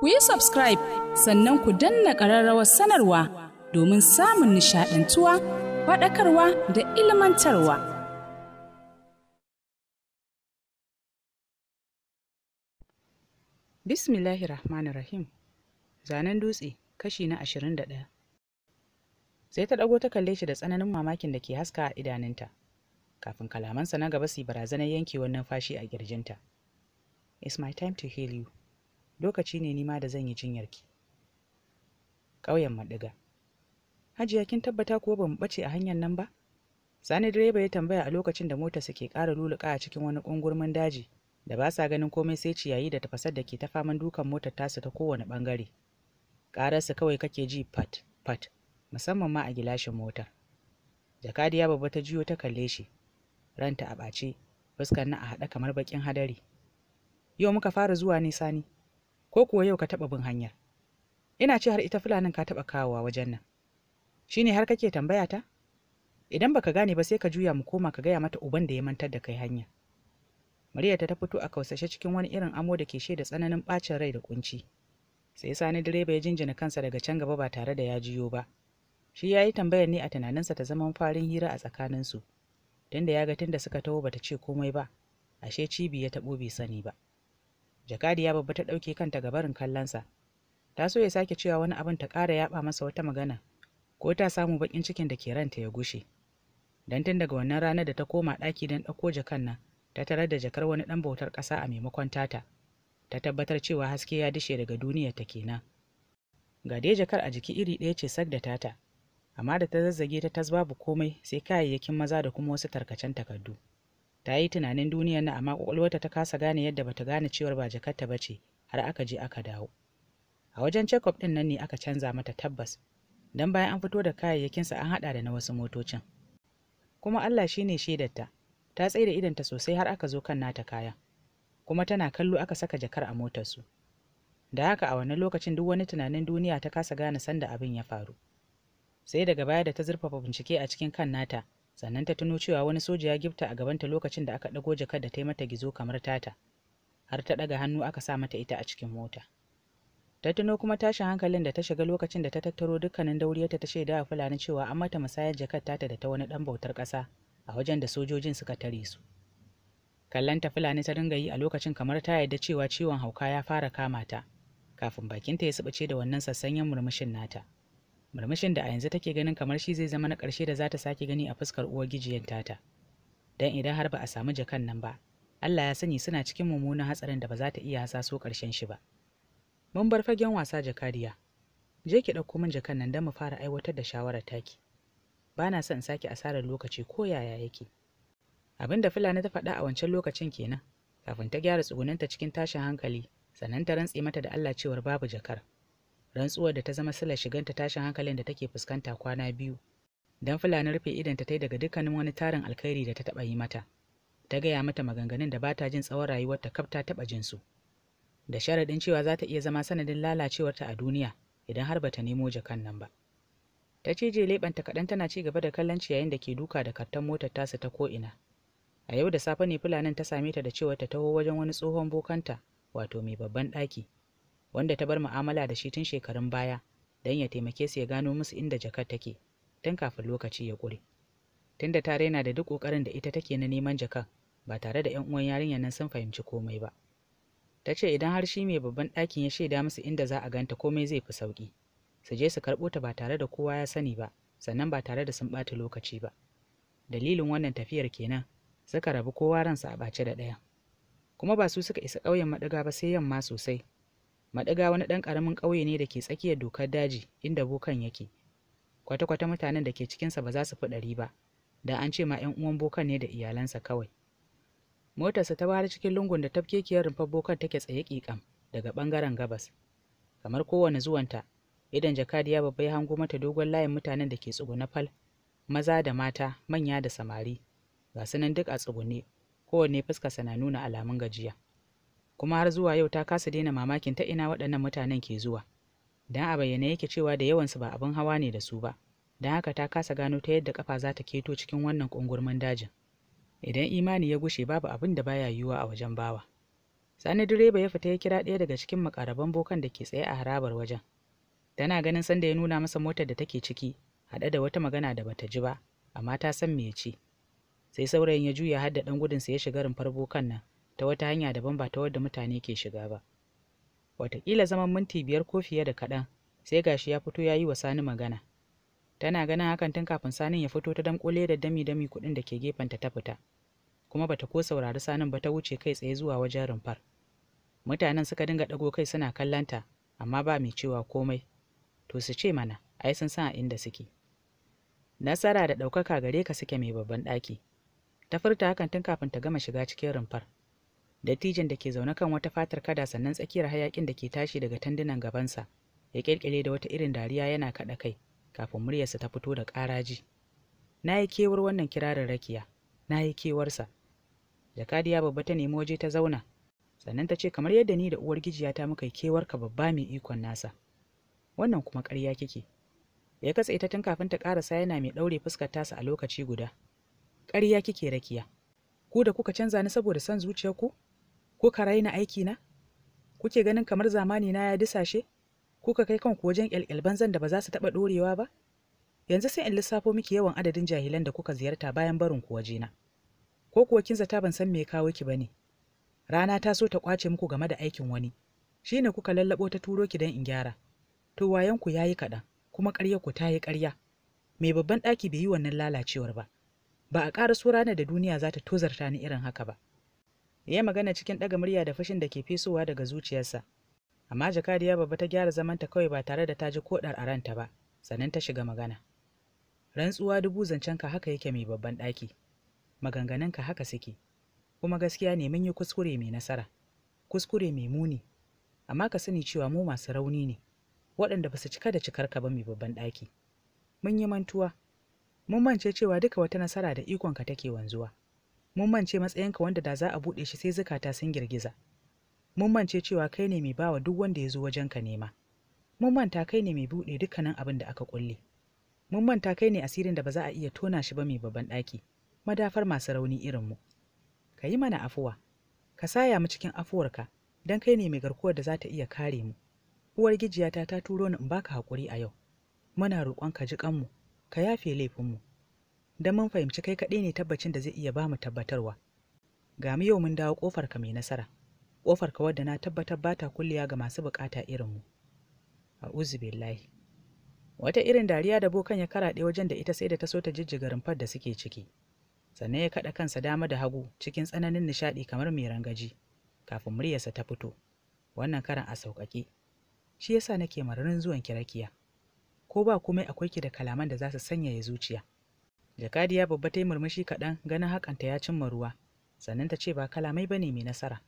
ku yi subscribe sannan ku danna ƙararrawar sanarwa domin samun nishaɗantuwa faɗakarwa da ilmantarwa. Bismillahir Rahmanir Rahim Zanen dutse kashi na ashirin da ɗaya. Sai ta ɗago ta kalle shi da tsananin mamakin da ke haska a idanunta, kafin kalamansa na gaba su yi barazanar yankewar numfashi a ƙirjinta. It's my time to heal you. lokaci ne nima da zan yi jinyar ki. ƙauyen maɗiga hajiya kin tabbata kuwa ba ɓace a hanyar nan ba sani direba ya tambaya a lokacin da motar ke ƙara luluka a cikin wani ƙungurmin daji da ba sa ganin komai sai ciyayi da tafasar da ke ta faman dukan motar tasu ta kowane ɓangare ƙararsa kawai kake ji fat-fat musamman ma a gilashin motar jakadiya babba ta jiyo ta kalle shi ranta a ɓace fuskar na a haɗa kamar baƙin hadari yau muka fara zuwa ne sani ko kuwa yau ka taɓa bin hanyar ina ce har ita fulanin ka taɓa kawowa wajen nan Shi ne har kake tambaya ta idan baka gane ba sai ka juya mu koma ka gaya mata uban da ya mantar da kai hanya Maryata ta fito a kausashe cikin wani irin amo da ke da tsananin ɓacin rai da kunci sai sani direba ya jinjina kansa daga can gaba ba tare da ya jiyo ba shi ya yi tambayar ne a tunaninsa ta zaman farin hira a tsakaninsu tunda ya ga tunda suka taho bata ce komai ba ashe cibi ya taɓo bai sani ba jakadiya babba ta ɗauke kanta ga barin kallonsa ta so ya sake cewa wani abin ta ƙara yaɓa masa wata magana ko ta samu baƙin cikin da ke ranta ya gushe dan tun daga wannan ranar da ta koma ɗaki don ɗauko jakan nan ta tarar da jakar wani ɗan bautar ƙasa a maimakon tata ta tabbatar cewa haske ya dishe daga duniyar ta kenan ga dai jakar a jiki iri ɗaya ce sak da tata amma da ta zazzage ta tas babu komai sai kayayyakin maza da kuma wasu tarkacen takardu ta yi tunanin duniyar na amma kwakwalwarta ta kasa gane yadda bata gane cewar ba jakarta ba ce har aka je aka dawo a wajen check-up ɗin nan ne aka canza mata tabbas don bayan an fito da kayayyakinsa an haɗa da na wasu motocin kuma Allah shine shaidarta ta tsaye da idanta sosai har aka zo kan nata kaya kuma tana kallo aka saka jakar a motarsu da haka a wannan lokacin duk wani tunanin duniya ta kasa gane sanda abin ya faru sai daga baya da ta zurfafa bincike a cikin kan nata sannan ta tuno cewa wani soja ya gifta a gabanta lokacin da aka ɗago jakar da ta yi mata gizo kamar tata har ta ɗaga hannu aka sa mata ita a cikin mota ta tuno kuma tashin hankalin da ta shiga lokacin da ta tattaro dukkanin dauriyarta ta shaida a fulani cewa an mata musayar jakar tata da ta wani ɗan bautar ƙasa a wajen da sojojin suka tare su Kallon ta fulani ta dinga yi a lokacin kamar ta yarda cewa ciwon hauka ya fara kama ta kafin bakinta ya subuce da wannan sassanyen murmushin nata. murmushin da a yanzu take ganin kamar shi zai zama na ƙarshe da za ta sake gani a fuskar uwar gijiyan tata don idan har ba a samu jakan nan ba Allah ya sani suna cikin mummunan hatsarin da ba za ta iya hasaso ƙarshen shi ba mun bar fagen wasa jakadiya je ki ɗauko min jakan nan don mu fara aiwatar da shawarar taki ba na son sake asarar lokaci ko yaya yake abin da fulani ta faɗa a wancan lokacin kenan kafin ta gyara tsugunanta cikin tashin hankali sannan ta rantse mata da Allah cewar babu jakar. rantsuwar da ta zama sila shiganta tashin hankalin da take fuskanta kwana biyu don fulani rufe idanta ta daga dukkanin wani tarin alkhairi da ta taɓa yi mata ta gaya mata maganganun da bata jin tsawon rayuwarta kaf ta taɓa jin su da sharaɗin cewa za ta iya zama sanadin lalacewarta a duniya idan har bata nemo jakan nan ba ta ce je leɓanta kaɗan tana ci gaba da kallon ciyayin da ke duka da karton motar tasu ta ko'ina a yau da safe ne fulanin ta same ta da cewa ta taho wajen wani tsohon bokanta wato mai babban ɗaki wanda ta bar mu'amala da shi tun shekarun baya don ya taimake su ya gano musu inda jakar take tun kafin lokaci ya ƙure. Tunda ta raina da duk ƙoƙarin da ita take na neman jakar ba tare da 'yan uwan yarinya nan sun fahimci komai ba. Ta ce idan har shi mai babban ɗakin ya shaida musu inda za a ganta komai zai fi sauƙi. Su je su karɓo ta ba tare da kowa ya sani ba, sannan ba tare da sun ɓata lokaci ba. Dalilin wannan tafiyar kenan suka rabu kowa ransa a ɓace da ɗaya. Kuma ba su suka isa ƙauyen maɗiga ba sai yamma sosai maɗiga wani ɗan ƙaramin ƙauye ne da ke tsakiyar dokar daji inda bokan yake kwata-kwata mutanen da ke cikinsa ba za su fi ɗari ba da an ce ma 'yan uwan bokan ne da iyalansa kawai motarsa ta bayar cikin lungun da tafkekiyar rumfar bokan take tsaye ƙiƙam daga ɓangaren gabas kamar kowane zuwanta idan jakadiya babba ya hango mata dogon layin mutanen da ke tsuguna fal maza da mata manya da samari ga su duk a tsugune kowanne fuskarsa na nuna alamun gajiya kuma har zuwa yau ta kasa daina mamakin ta ina waɗannan mutanen ke zuwa dan a bayyane yake cewa da yawansu ba abin hawa ne da su ba dan haka ta kasa gano ta yadda kafa za ta keto cikin wannan kungurmin dajin idan imani ya gushe babu abin da baya yiwuwa a wajen bawa sani direba ya fita ya kira ɗaya daga cikin makaraban bokan da ke tsaye a harabar wajen tana ganin sanda ya nuna masa motar da take ciki haɗe da wata magana da bata ji ba amma ta san me ya ce sai saurayin ya juya har da ɗan gudunsa ya shiga rumfar bokan nan ta wata hanya daban ba ta wadda mutane ke shiga ba wataƙila zaman minti biyar ko fiye da kaɗan sai gashi ya fito ya yi wa sani magana tana ganin hakan tun kafin sanin ya fito ta damƙule da dami dami kuɗin da ke gefenta ta fita kuma bata ko saurari sanin ba ta wuce kai tsaye zuwa wajen rumfar mutanen suka dinga ɗago kai suna kallanta amma ba mai cewa komai to su ce mana ai sun san a inda suke nasara da ɗaukaka gare ka suke mai babban ɗaki ta furta hakan tun kafin ta gama shiga cikin rumfar dattijan da ke zaune kan wata fatar kada sannan tsakiyar hayakin da ke tashi daga tandunan gabansa ya kirkire da wata irin dariya yana kaɗa kai kafin muryarsa ta fito da ƙaraji na yi kewar wannan kirarin rakiya na yi kewarsa jakadiya babba ta nemi waje ta zauna sannan ta ce kamar yadda ni da uwar gijiyata muka yi ka babba mai ikon nasa wannan kuma karya kike ya katse ta tun kafin ta ƙarasa yana mai ɗaure fuskar tasa a lokaci guda Karya kike rakiya ku da kuka canza ni saboda son zuciyarku ko ka raina aiki na kuke ganin kamar zamani na ya disashe kuka kai kanku wajen ƙyalƙyal banzan da ba za su taɓa ɗorewa ba yanzu sai in lissafo miki yawan adadin jahilan da kuka ziyarta bayan barin ku wajena ko kuwa kin zata ban san me ya kawo ki bane rana ta so ta kwace muku game da aikin wani Shi ne kuka lallabo ta turo ki dan in gyara to wayan ku yayi kaɗan kuma ƙarya ku ta yi ƙarya mai babban ɗaki bai yi wannan lalacewar ba ba a ƙara so ranar da duniya za ta tozarta ni irin haka ba ya magana cikin ɗaga murya da fushin da ke fesowa daga zuciyarsa amma jakadiya babba ta gyara zamanta kawai ba tare da ta ji koɗar a ranta ba sannan ta shiga magana rantsuwa dubu zancen ka haka yake mai babban ɗaki maganganun haka suke kuma gaskiya ne mun yi kuskure mai nasara kuskure mai muni amma ka sani cewa mu masu rauni ne waɗanda ba su cika da cikar ka ba mai babban ɗaki mun yi mantuwa mun mance cewa duka wata nasara da ikonka take wanzuwa mun mance matsayinka wanda da za a buɗe shi sai zukata sun girgiza mun mance cewa kai ne mai bawa duk wanda ya zo wajenka nema mun manta kai ne mai buɗe dukkanin abin da aka kulle mun manta kai ne asirin da ba za a iya tona shi ba mai babban ɗaki madafar masu rauni irin mu ka yi mana afuwa ka saya mu cikin afuwarka don kai ne mai garkuwar da za ta iya kare mu uwar gijiyata ta turo ni in baka haƙuri a yau muna roƙon ka ji kanmu ka yafe laifinmu don mun fahimci kai kaɗai ne tabbacin da zai iya ba mu tabbatarwa. Ga mu yau mun dawo ƙofar ka mai nasara, ƙofar ka wadda na tabbatar ba ta kulliya ga masu buƙata irin mu. A billahi. Wata irin dariya da bokan ya karaɗe wajen da ita sai da ta so ta jijjiga rumfar da suke ciki. Sannan ya kaɗa kansa dama da hagu cikin tsananin nishaɗi kamar mai rangaji, kafin muryarsa ta fito. Wannan karan a sauƙaƙe. Shi yasa nake mararin zuwan kirakiya. Ko ba komai akwai ki da kalaman da za su sanyaya zuciya. jakadiya babba ta yi murmushi kaɗan ganin hakanta ya cimma ruwa sannan ta ce ba kalamai ba ne mai nasara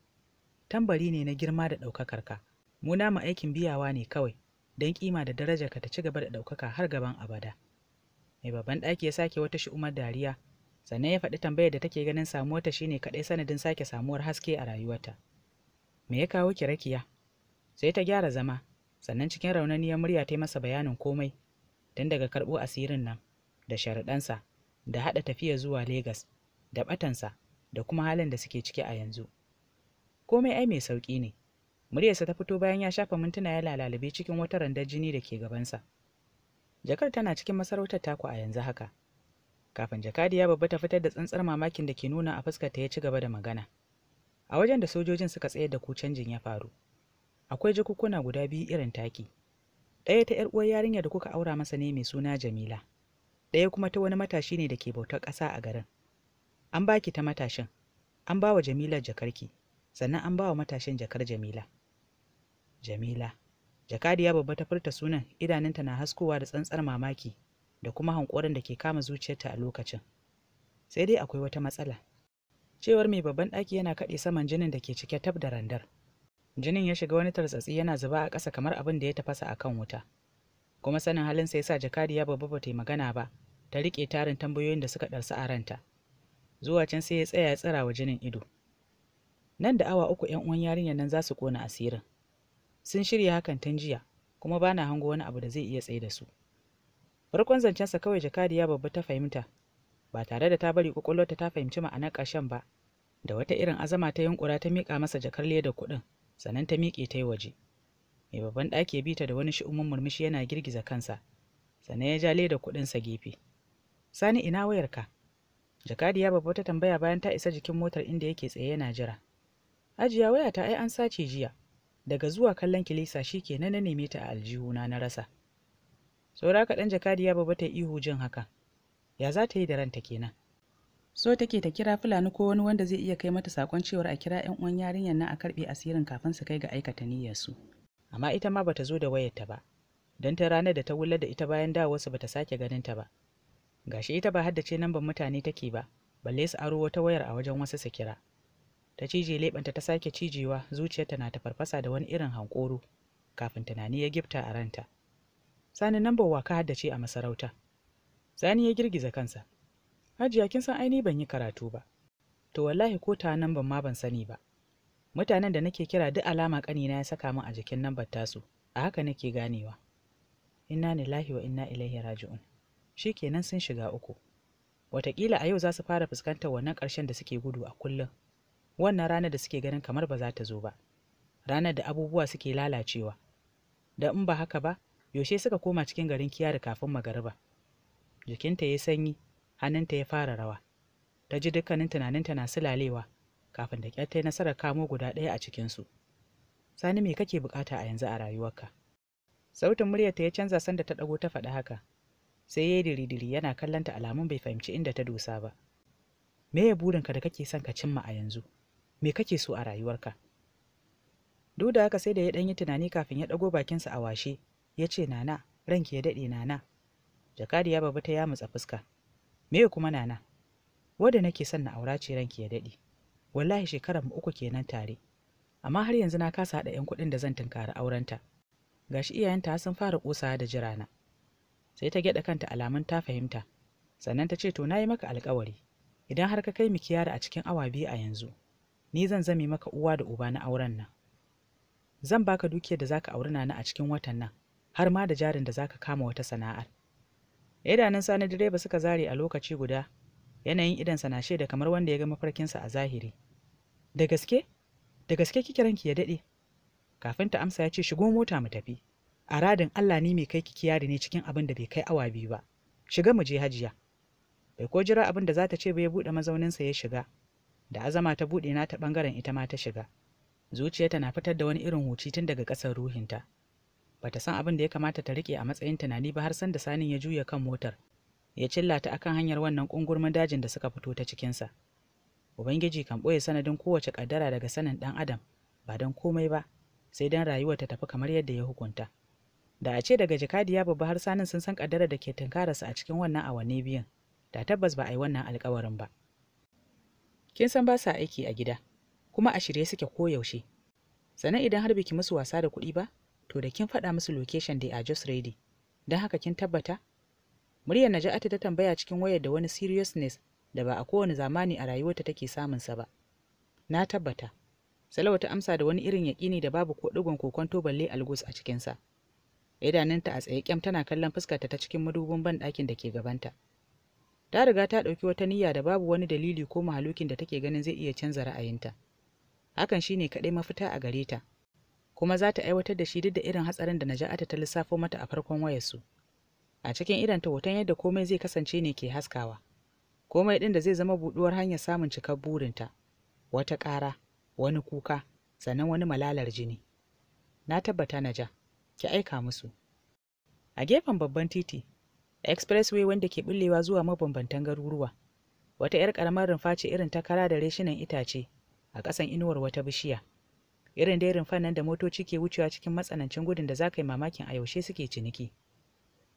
tambari ne na girma da ɗaukakar ka mu nama aikin biyawa ne kawai don kima da daraja ka ta ci gaba da ɗaukaka har gaban abada mai babban ɗaki ya sake wata shi'umar dariya sannan ya faɗi tambayar da take ganin samuwarta ne kaɗai sanadin sake samuwar haske a rayuwarta me ya kawo ki rakiya sai ta gyara zama sannan cikin raunaniyar murya ta yi masa bayanin komai tun daga karɓo asirin nan da sharaɗansa da haɗa tafiya zuwa Legas, da ɓatansa, da kuma halin da suke ciki a yanzu. Komai ai mai sauƙi ne. Muryarsa ta fito bayan ya shafa mintuna ya lalalabe cikin wata randar jini da ke gabansa. Jakar tana cikin masarautar taku a yanzu haka. Kafin ya babba ta fitar da tsantsar mamakin da ke nuna a fuskarta ya ci gaba da magana. A wajen da sojojin suka tsayar da ku canjin ya faru. Akwai jakukkuna guda biyu irin taki. Ɗaya ta 'yar uwar yarinya da kuka aura masa ne mai suna Jamila. ɗaya kuma ta wani matashi ne da ke bautar ƙasa a garin an baki ta matashin an bawa wa jamila jakarki sannan an ba matashin jakar jamila jamila jakadiya babba ta furta sunan idanunta na haskowa da tsantsar mamaki da kuma hankorin da ke kama zuciyarta a lokacin sai dai akwai wata matsala cewar mai babban ɗaki yana kaɗe saman jinin da ke cike tab da randar jinin ya shiga wani tartsatsi yana zuba a ƙasa kamar abin da ya tafasa a kan wuta kuma sanin halinsa ya sa jakadiya babba ba ta yi magana ba ta riƙe tarin tambayoyin da suka ɗarsu a ranta zuwa can sai ya tsaya ya tsira wa jinin ido nan da awa uku 'yan uwan yarinyar nan za su kona asirin sun shirya hakan tun jiya kuma ba na hango wani abu da zai iya tsaye da su farkon zancensa kawai jakadiya babba ta fahimta ba tare da ta bari kwakwalwarta ta fahimci ma'anar ƙarshen ba da wata irin azama ta yunkura ta miƙa masa jakar leda kuɗin sannan ta miƙe ta yi waje mai babban ɗaki ya bi ta da wani shi'umin murmushi yana girgiza kansa sannan ya ja leda kuɗinsa gefe sani ina wayarka jakadiya babba ta tambaya bayan ta isa jikin motar inda yake tsaye yana jira ajiya waya ta ai an sace jiya daga zuwa kallon kilisa shi ke na neme ta a aljihu na rasa saura kaɗan jakadiya babba ta yi ihu jin haka ya za ta yi da ranta kenan so take ta kira fulani ko wani wanda zai iya kai mata sakon cewar a kira 'yan uwan yarinyar na a karɓe asirin kafin su kai ga aikata niyyar su amma ita ma bata zo da wayarta ba don ta ranar da ta wula da ita bayan da wasu bata sake ganin ta ba gashi ita ba haddace namban mutane take ba balle su aro wata wayar a wajen wasu su kira ta cije leɓanta ta sake cijewa zuciyarta na ta farfasa da wani irin hankoro kafin tunani ya gifta a ranta sani wa ka haddace a masarauta sani ya girgiza kansa hajiya kin san aini ban yi karatu ba to wallahi ko ta namban ma ban sani ba mutanen da nake kira duk alama ƙanina ya saka min a jikin nambar tasu a haka nake ganewa inna lillahi wa inna ilaihi raji'un kenan sun shiga uku Wataƙila a yau za su fara fuskantar wannan ƙarshen da suke gudu a kullum wannan ranar da suke ganin kamar ba za ta zo ba ranar da abubuwa suke lalacewa da in ba haka ba yaushe suka koma cikin garin kiyari kafin magariba jikinta ya sanyi hannunta ya fara rawa ta ji dukkanin tunaninta na sulalewa kafin da ƙyar ta yi nasarar kamo guda ɗaya a cikinsu. Sani me kake bukata a yanzu a rayuwarka? Sautin muryar ta ya canza sanda ta ɗago ta faɗi haka. Sai ya yi diri-diri yana kallonta alamun bai fahimci inda ta dosa ba. Me ya ka da kake son ka cimma a yanzu? Me kake so a rayuwarka? Duk da haka sai da ya ɗan yi tunani kafin ya ɗago bakinsa a washe, ya ce nana, ranki ya daɗe nana. Jakadiya babu ta yamutsa fuska. Me kuma nana? Wadda nake son na aura ce ranki ya daɗe. wallahi shekarar mu uku kenan tare amma har yanzu na kasa haɗa 'yan kuɗin da zan tunkari aurenta gashi iyayenta sun fara kosa da jirana sai ta gyaɗa kanta alamun ta fahimta sannan ta ce to na yi maka alƙawari. idan har ka kai mu kiyara a cikin awa biyu a yanzu ni zan zame maka uwa da uba na auren nan zan baka dukiyar da zaka auri nana a cikin watan nan har ma da jarin da zaka kama wata sana'ar idanun sani direba suka zare a lokaci guda yanayin idansa na shaida kamar wanda ya ga mafarkinsa a zahiri da gaske da gaske kike ranki ya daɗe kafin ta amsa ya ce shigo mota mu tafi a radin allah ni mai kai kiki yari ne cikin abin da bai kai awa biyu ba shiga mu je hajiya bai ko jira abin da za ta ce ba ya buɗe mazauninsa ya shiga da azama ta buɗe na ta ɓangaren ita ma ta shiga zuciyarta na fitar da wani irin huci tun daga ƙasar ruhinta bata san abin da ya kamata ta riƙe a matsayin tunani ba har san da sanin ya juya kan motar ya cilla ta akan hanyar wannan kungurmin dajin da suka fito ta cikinsa. Ubangiji kan ɓoye sanadin kowace ƙaddara daga sanin ɗan adam ba don komai ba sai don rayuwar ta tafi kamar yadda ya hukunta. Da a ce daga jikadiya babba har sanin sun san ƙaddara da ke tunkararsa a cikin wannan awanni biyun, da tabbas ba a yi wannan alkawarin ba. Kin san ba sa aiki a gida, kuma a shirye suke koyaushe. Sannan idan har biki musu wasa da kuɗi ba, to da kin faɗa musu location da a just ready. Don haka kin tabbata muryar naja'atu ta tambaya cikin wayar da wani seriousness da ba a kowane zamani a rayuwarta take samunsa ba na tabbata salawa ta amsa da wani irin yaƙini da babu ko ɗigon kokonto balle algus a cikinsa idanunta a tsaye kyam tana kallon fuskarta ta cikin madubin ban ɗakin da ke gabanta ta riga ta ɗauki wata niyya da babu wani dalili ko mahalukin da take ganin zai iya canza ra'ayinta hakan shi ne kaɗai mafita a gare ta kuma za ta aiwatar da shi duk da irin hatsarin da naja'ata ta lissafo mata a farkon wayarsu a cikin idanta hoton yadda komai zai kasance ne ke haskawa komai ɗin da zai zama buɗuwar hanyar samun cikar burinta wata ƙara wani kuka sannan wani malalar jini na tabbata na ja ki aika musu a gefen babban titi expressway wanda ke bullewa zuwa mabambantan garuruwa wata 'yar ƙaramar rumfa ce irin ta kara da reshinan itace a ƙasan inuwar wata bishiya irin dai rumfan nan da motoci ke wucewa cikin matsanancin gudun da za ka yi mamakin a yaushe suke ciniki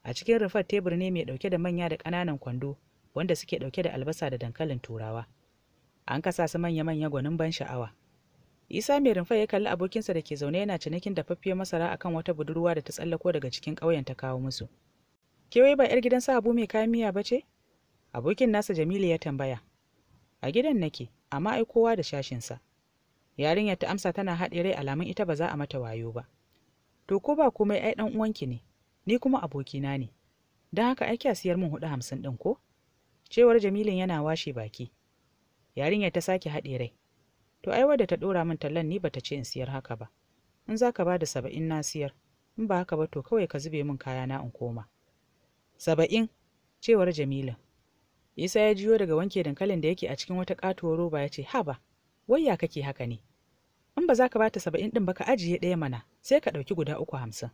a cikin rufar tebur ne mai ɗauke da manya da kananan kwando wanda suke ɗauke da albasa da dankalin turawa an kasa su manya-manya gwanin ban sha'awa isa mai rumfa ya kalli abokinsa da ke zaune yana cinikin dafaffiyar masara akan wata budurwa da ta tsallako daga cikin ƙauyen ta kawo musu kewaye ba 'yar gidan sa abu mai kayan miya ba ce abokin nasa jamilu ya tambaya a gidan nake amma ai kowa da shashinsa yarinyar ta amsa tana haɗe rai alamun ita ba za a mata wayo ba to ko ba komai ai ɗan uwanki ne ni kuma abokina ne don haka ai a siyar min hudu hamsin ɗin ko cewar jamilin yana washe baki yarinyar ta sake haɗe rai to ai wadda ta ɗora min tallan ni ba ta ce in siyar haka ba in za ka ba da saba'in na siyar in ba haka ba to kawai ka zube min kayana in koma saba'in cewar jamilin isa ya jiyo daga wanke dankalin da yake a cikin wata katuwar roba ya ce haba ya kake haka ne in ba za ka bata saba'in ɗin ba ka ajiye ɗaya mana sai ka ɗauki guda uku hamsin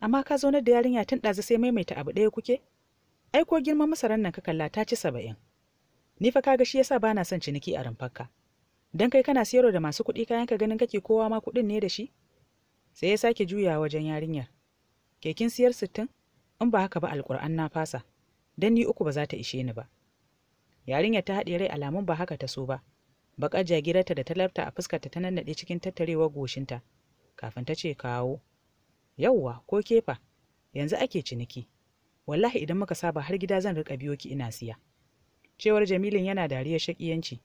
amma ka zaunar da yarinya tun ɗazu sai maimaita abu ɗaya kuke ai ko girman masarar nan ka kalla ta ci saba'in ni fa kaga shi yasa na son ciniki a rumfarka dan kai kana siyarwa da masu kuɗi kayan ka ganin kake kowa ma kuɗin ne da shi sai ya sake juya wajen yarinyar kekin siyar sittin in ba haka ba alƙur'an na fasa dan ni uku ba za ta ishe ni ba yarinyar ta haɗe rai alamun ba haka ta so ba baƙar jagirarta da ta a fuskarta ta nannaɗe cikin tattarewar goshinta kafin ta ce kawo yauwa ko kefa yanzu ake ciniki wallahi idan muka saba har gida zan rika biyo ki ina siya cewar jamilin yana dariyar shaƙiyanci.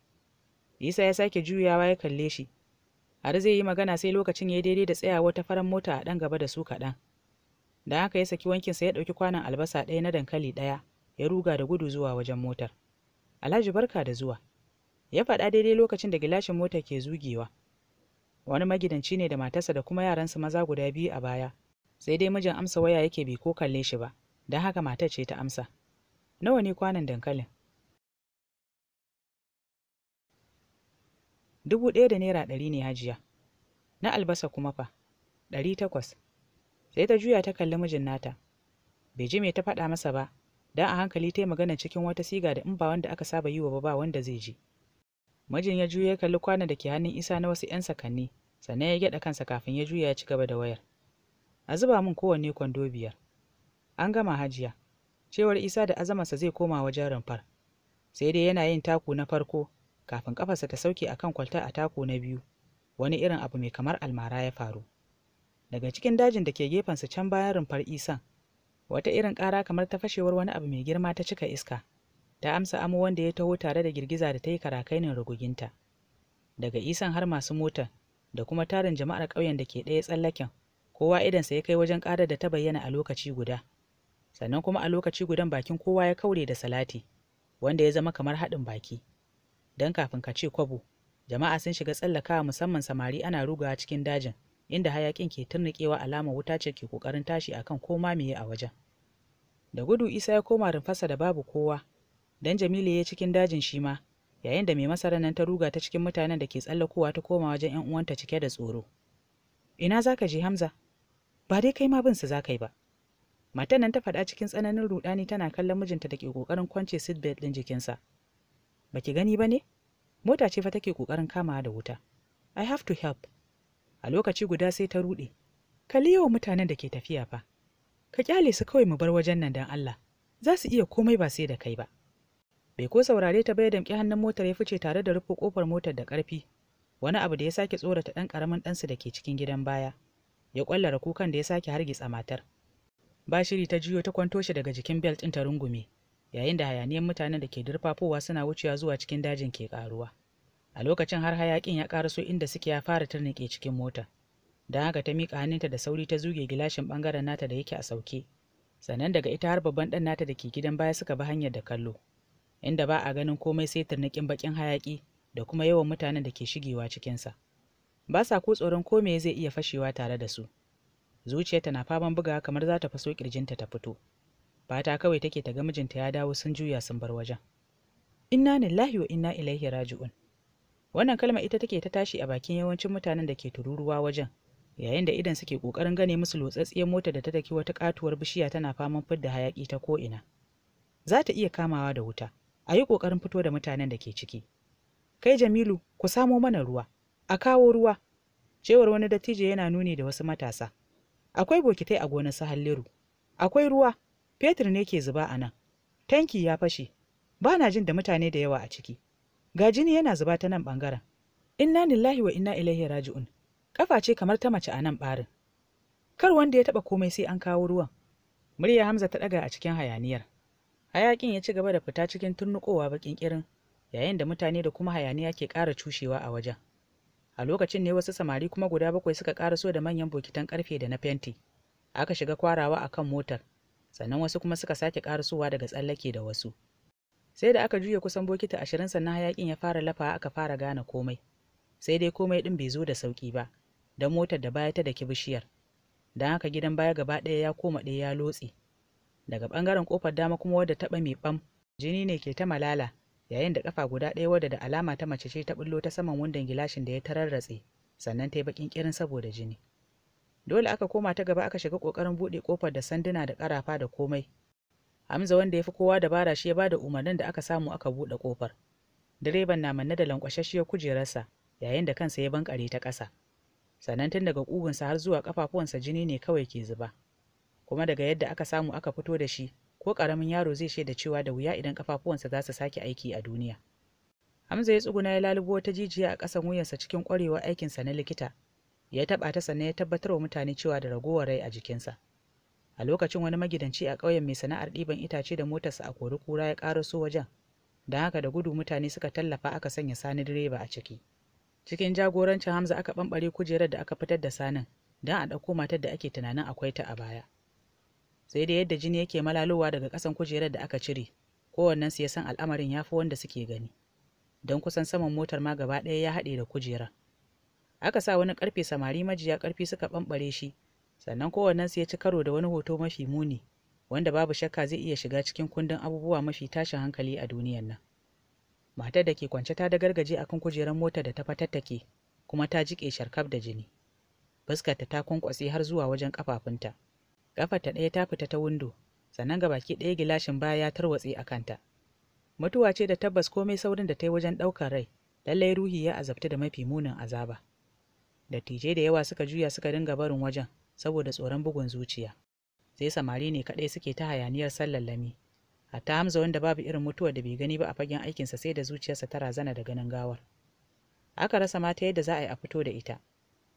isa ya sake juyawa ya kalle shi har zai yi magana sai lokacin ya daidai da tsayawa ta farar mota a ɗan gaba da su kaɗan da haka ya saki wankinsa ya ɗauki kwanon albasa ɗaya na dankali ɗaya ya ruga da gudu zuwa wajen motar alhaji barka da zuwa ya faɗa daidai lokacin da gilashin mota ke zugewa wani magidanci ne da matarsa da kuma yaransu maza guda biyu a baya sai dai mijin amsa waya yake bi ko kalle shi ba don haka matar ce ta amsa nawa ne kwanan dankalin dubu ɗaya da naira ɗari ne hajiya na albasa kuma fa ɗari takwas sai ta juya ta kalli mijin nata bai ji mai ta faɗa masa ba don a hankali ta yi magana cikin wata siga da in ba wanda aka saba yi wa ba wanda zai ji mijin ya juya ya kalli kwanan da ke hannun isa na wasu 'yan sakanni sannan ya gyaɗa kansa kafin ya juya ya ci gaba da wayar a zuba min kowanne kwando biyar an gama hajiya cewar isa da azamarsa zai koma wajen rumfar sai dai yana yin taku na farko kafin kafarsa ta sauke kan kwalta a taku na biyu wani irin abu mai kamar almara ya faru daga cikin dajin da ke gefensa can bayan rumfar isan wata irin ƙara kamar ta fashewar wani abu mai girma ta cika iska ta amsa amo wanda ya taho tare da girgiza da ta yi karakainin ruguginta daga isan har masu motar da kuma tarin jama'ar ƙauyen da ke ɗaya tsallaken kowa idansa ya kai wajen ƙarar da ta bayyana a lokaci guda sannan kuma a lokaci gudan bakin kowa ya kaure da salati wanda ya zama kamar haɗin baki don kafin ka ce kwabo jama'a sun shiga tsallakawa musamman samari ana rugawa cikin dajin inda hayakin ke turnikewa alamar wuta ce ke ƙoƙarin tashi akan koma meye a wajen da gudu isa ya koma rumfasa da babu kowa don jamilu ya cikin dajin shi ma yayin da mai masara nan ta ruga ta cikin mutanen da ke tsallakowa ta koma wajen yan uwanta cike da tsoro ina za ka je hamza ba dai kai ma bin su za yi ba matan nan ta faɗa cikin tsananin rudani tana kallon mijinta da ke kokarin kwance seatbelt din jikinsa Baki gani ba ne mota ce fa take kokarin kama da wuta i have to help a lokaci guda sai ta rude. kalli yawa mutanen da ke tafiya fa ka kyale su kawai mu bar wajen nan dan allah za su iya komai ba sai da kai ba bai ko saurare ta bai damƙi hannun motar ya fice tare da rufe kofar motar da ƙarfi wani abu da ya sake tsorata ɗan ƙaramin ɗansu da ke cikin gidan baya ya kwallara kukan da ya sake hargitsa matar bashiri ta juyo ta kwanto shi daga jikin belt ɗin ta rungume yayin da hayaniyan mutanen da ke durfafowa suna wucewa zuwa cikin dajin ke karuwa a lokacin har hayakin ya karaso inda suke ya fara turnike cikin mota don haka ta mika hannunta da sauri ta zuge gilashin ɓangaren nata da yake a sauke sannan daga ita har babban ɗan nata da ke gidan baya suka bi hanyar da kallo inda ba a ganin komai sai turnikin bakin hayaƙi da kuma yawan mutanen da ke shigewa cikinsa. ba sa ko tsoron ko me zai iya fashewa tare da su zuciyarta na faman bugawa kamar za ta faso kirjinta ta fito fata kawai take ta ga mijinta ya dawo sun juya sun bar wajen inna lillahi wa inna ilaihi raji'un wannan kalma ita take ta tashi a bakin yawancin mutanen da ke tururuwa wajen yayin da idan suke kokarin gane musu lotsatsiyar mota da ta take wata katuwar bishiya tana faman fidda hayaki ta ko ina za ta iya kamawa da wuta a yi kokarin fito da mutanen da ke ciki kai jamilu ku samo mana ruwa a kawo ruwa cewar wani dattijo yana nuni da wasu matasa akwai bokitai a gonar su halliru akwai ruwa fetur ne ke zuba a nan tanki ya fashe ba na jin da mutane da yawa a ciki ga jini yana zuba ta nan ɓangaren. inna lillahi wa inna ilaihi raji'un kafa ce kamar ta mace a nan ɓarin. kar wanda ya taɓa komai sai an kawo ruwan murya hamza ta ɗaga a cikin hayaniyar hayakin ya ci gaba da fita cikin turnukowa bakin kirin yayin da mutane da kuma hayaniya ke ƙara cushewa a wajen a lokacin ne wasu samari kuma guda bakwai suka so da manyan bokitan ƙarfe da na fenti aka shiga kwarawa a kan motar sannan wasu kuma suka sake sowa daga tsallake da wasu sai da aka juya kusan bokita ashirin sannan hayakin ya fara lafa aka fara gane komai sai dai komai ɗin bai zo da sauƙi ba don motar da baya ta daki bishiyar don haka gidan baya gaba ɗaya ya koma ɗaya ya lotse daga ɓangaren kofar dama kuma wadda taɓa mai ɓam jini ne ke ta malala yayin da kafa guda ɗaya wadda da alama ta mace ce ta bullo ta saman wandon gilashin da ya tararratse sannan ta yi bakin kirin saboda jini dole aka koma ta gaba aka shiga kokarin buɗe kofar da sanduna da karafa da komai hamza wanda ya fi kowa dabara shi ya ba da umarnin da aka samu aka buɗe kofar direban na manne da lankwashashiyar kujerarsa yayin da kansa ya bankare ta ƙasa sannan tun daga kugunsa har zuwa kafafuwansa jini ne kawai ke zuba kuma daga yadda aka samu aka fito da shi ko ƙaramin yaro zai shaida cewa da wuya idan kafafuwansa za su sake aiki a duniya hamza ya tsuguna ya lalubo wata jijiya a ƙasan wuyansa cikin ƙwarewa aikinsa na likita ya taɓa ta sannan ya tabbatar wa mutane cewa da ragowar rai a jikinsa a lokacin wani magidanci a ƙauyen mai sana'ar ɗiban itace da motarsa a kori kura ya ƙaraso wajen don haka da gudu mutane suka tallafa aka sanya sani direba a ciki cikin jagorancin hamza aka ɓamɓare kujerar da aka fitar da sanin don a ɗauko matar da ake tunanin akwai ta a baya sai dai yadda jini yake malalowa daga kasan kujerar da aka cire kowannensu ya san al'amarin ya fi wanda suke gani don kusan saman motar ma gaba ɗaya ya haɗe da kujera aka sa wani ƙarfe samari majiya ƙarfi suka ɓamɓare shi sannan kowannensu ya ci karo da wani hoto mafi muni wanda babu shakka zai iya shiga cikin kundin abubuwa mafi tashin hankali a duniyar nan matar da ke kwance ta da gargaje akan kujerar motar da ta fatattake kuma ta jiƙe sharkaf da jini fuskarta ta kwankwase har zuwa wajen kafafunta. ta ɗaya ta fita ta windo, sannan ga baki ɗaya gilashin baya ya tarwatse a kanta. Mutuwa ce da tabbas komai saurin da ta yi wajen ɗaukar rai, lallai ruhi ya azabta da mafi munin azaba. Dattijai da yawa suka juya suka dinga barin wajen saboda tsoron bugun zuciya. Sai samari ne kaɗai suke ta hayaniyar sallallami. Hatta Hamza wanda babu irin mutuwar da bai gani ba a fagen aikinsa sai da zuciyarsa ta razana da ganin gawar. Aka rasa mata yadda za a yi a fito da ita.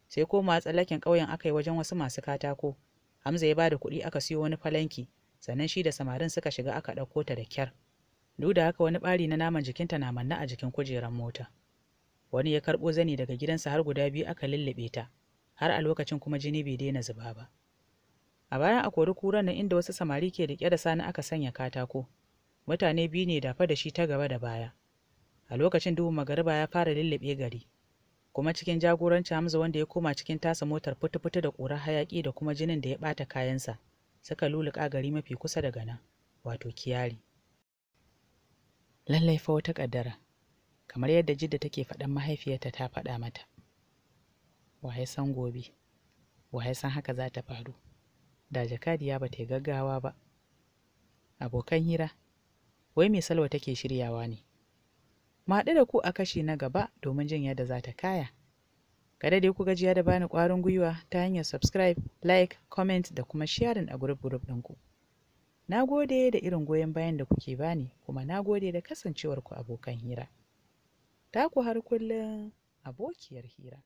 Sai koma tsallaken ƙauyen aka yi wajen wasu masu katako Hamza ya bada kuɗi aka siyo wani falanki, sannan shi da samarin suka shiga aka ɗauko ta da kyar. Duk da haka wani ɓari na naman jikinta na manna a jikin kujerar mota. Wani ya karɓo zani daga gidansa har guda biyu aka lullube ta, har a lokacin kuma jini bai daina zuba ba. A bayan a kori kuran nan inda wasu samari ke riƙe da sani aka sanya katako, mutane biyu ne dafa da shi ta gaba da baya. A lokacin duhun magariba ya fara lullube gari, kuma cikin jagoranci Hamza wanda ya koma cikin tasa motar fitu da ƙurar hayaƙi da kuma jinin da ya ɓata kayansa suka luluƙa gari mafi kusa daga nan wato kiyari lallai fa wata ƙaddara kamar yadda jidda take faɗan mahaifiyarta ta faɗa mata Wa ya san gobe Wa ya san haka za ta faru da jakadiya ba ta gaggawa ba abokan hira wai me salwa take shiryawa ne Maɗu da ku a kashi na gaba domin jin yadda za ta kaya. Kada dai ku gajiya da bani ƙwarin gwiwa ta hanyar subscribe, like, comment da kuma sharing a gurub group ɗinku. Na gode da irin goyon bayan da kuke bani kuma na gode da kasancewarku abokan hira. Taku har kullum abokiyar hira.